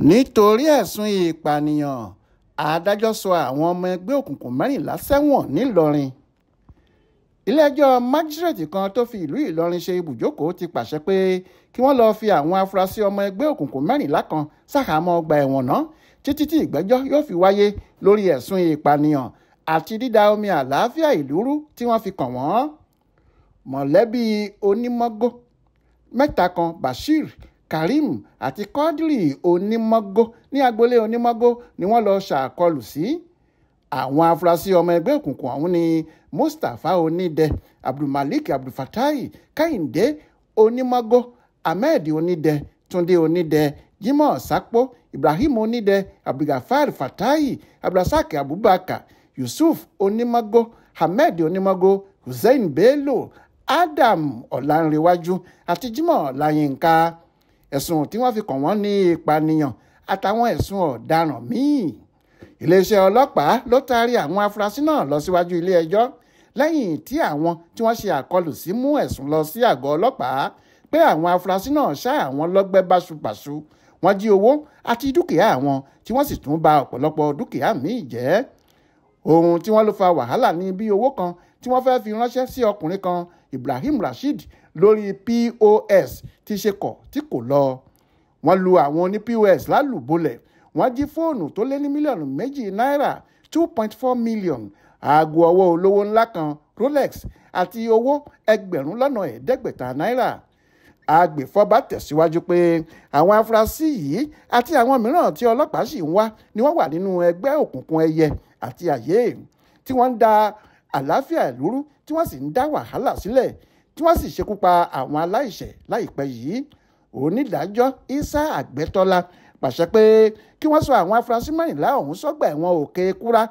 nítorí ẹ̀sùn ìpànìyàn adájọ́ sọ àwọn ọmọ ẹgbẹ́ òkùnkùn mẹ́rìnlá sẹ́wọ̀n ńìlọrin ilé-ẹjọ́ májísrèètì kan tó fi ìlú ìlọrin ṣe ibùjókòó ti pàṣẹ pé kí wọ́n lọ́ọ́ fi àwọn afurasí ọmọ ẹgbẹ́ òkùnkùn mẹ́rìnlá kan ṣàhámọ́ ọgbà ẹ̀wọ̀n náà títí tí ìgbẹ́jọ́ yóò fi wáyé lórí ẹ̀sùn ìpànìyàn àti dídà omi àlàáfíà ìlú rú tí wọ́n fi kàn wọ́n mọ̀lẹ́bí onímọ́gò mẹ́ta kan Bashir Karim àti Quadri onímọ́gó ní agboolé onímọ́gó ni wọ́n lọ ṣàkọlù sí. àwọn afurasí ọmọ ẹgbẹ́ òkùnkùn ọ̀hún ni Mustapha Onídẹ Abdulmalik Abdulfatai Kehinde onímọ́gó Ahmed Onídẹ Túndé Onídẹ Jimoh Sapo Ibrahim Onídẹ Abdulgafar Fatai Abdulrasaq Abubakar Yusuf onímọ́gó Ahmed onímọ́gó Hussein Bello Adam Ọ̀lànrẹ̀wájú àti Jimoh Ọláyínká ẹ̀sùn tí wọ́n fi kàn wọ́n ní ìpànìyàn àtàwọn ẹ̀sùn ọ̀daràn míì iléeṣẹ́ ọlọ́pàá ló taari àwọn afurasí náà lọ síwájú ilé-ẹjọ́ lẹ́yìn tí àwọn tí wọ́n ṣe àkọlù sí mú ẹ̀sùn lọ sí àgọ́ ọlọ́pàá pé àwọn afurasí náà ṣá àwọn lọ́gbẹ́ báṣubàṣu wọ́n jí owó àti dúkìá àwọn tí wọ́n sì tún ba ọ̀pọ̀lọpọ̀ dúkìá míì jẹ́ ohun tí wọ́n ló fa wàhálà ní bí owó kan tí wọ́n fẹ́ fi ránṣẹ́ sí ọkùnrin kan Ibrahim Rasheed lórí pos ti ṣe kọ̀ tí kò lọ wọ́n lu àwọn oní pos lálùbọ́lẹ̀ wọ́n jí fóònù tó lé ní mílíọ̀nù méjì náírà two point four million aago ọwọ́ olówó ńlá kan rolex àti owó ẹgbẹ̀rún lọ́nà ẹ̀ẹ́dẹ́gbẹ̀ta náírà agbèfọ́ba tẹ̀síwájú pé àwọn afurasí yìí àti àwọn mìíràn tí ọlọ́pàá sì ń wá ni wọ́n wà nínú ẹgbẹ́ òkùnkùn ẹyẹ àti àyè tí wọ́n ń da àlàáfíà ìlú rú tí wọ́n sì ń dá wàhálà sílẹ̀ tí wọ́n sì ṣekú pa àwọn aláìṣẹ̀ láìpẹ́ yìí onídàájọ́ isa àgbẹ̀tọ́lá pàṣẹ pé kí wọ́n sọ àwọn afurasí mẹ́rìnlá ọ̀hún sọ́gbà ẹ̀wọ̀n òkè kúrá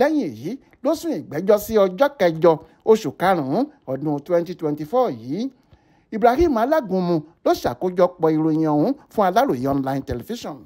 lẹ́yìn èyí ló sún ìgbẹ́jọ́ sí ọjọ́ kẹjọ oṣù karùn-ún ọdún 2024 yìí ibrahim alágúnmu ló ṣàkójọpọ̀ ìròyìn ọ̀hún fún aláròye online television.